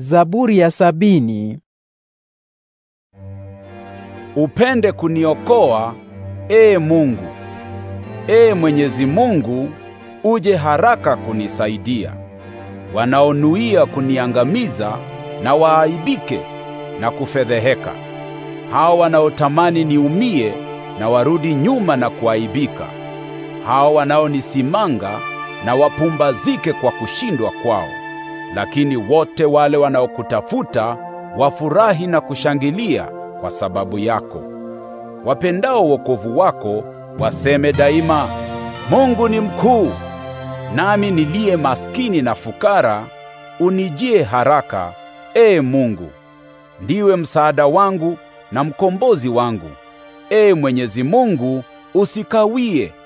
Zaburi ya sabini. Upende kuniokoa, ee Mungu. Ee Mwenyezi Mungu, uje haraka kunisaidia. Wanaonuia kuniangamiza na waaibike na kufedheheka. Hao wanaotamani niumie na warudi nyuma na kuaibika. Hao wanaonisimanga na wapumbazike kwa kushindwa kwao lakini wote wale wanaokutafuta wafurahi na kushangilia kwa sababu yako. Wapendao wokovu wako waseme daima, Mungu ni mkuu. Nami niliye maskini na fukara, unijie haraka, ee Mungu. Ndiwe msaada wangu na mkombozi wangu. Ee Mwenyezi Mungu, usikawie.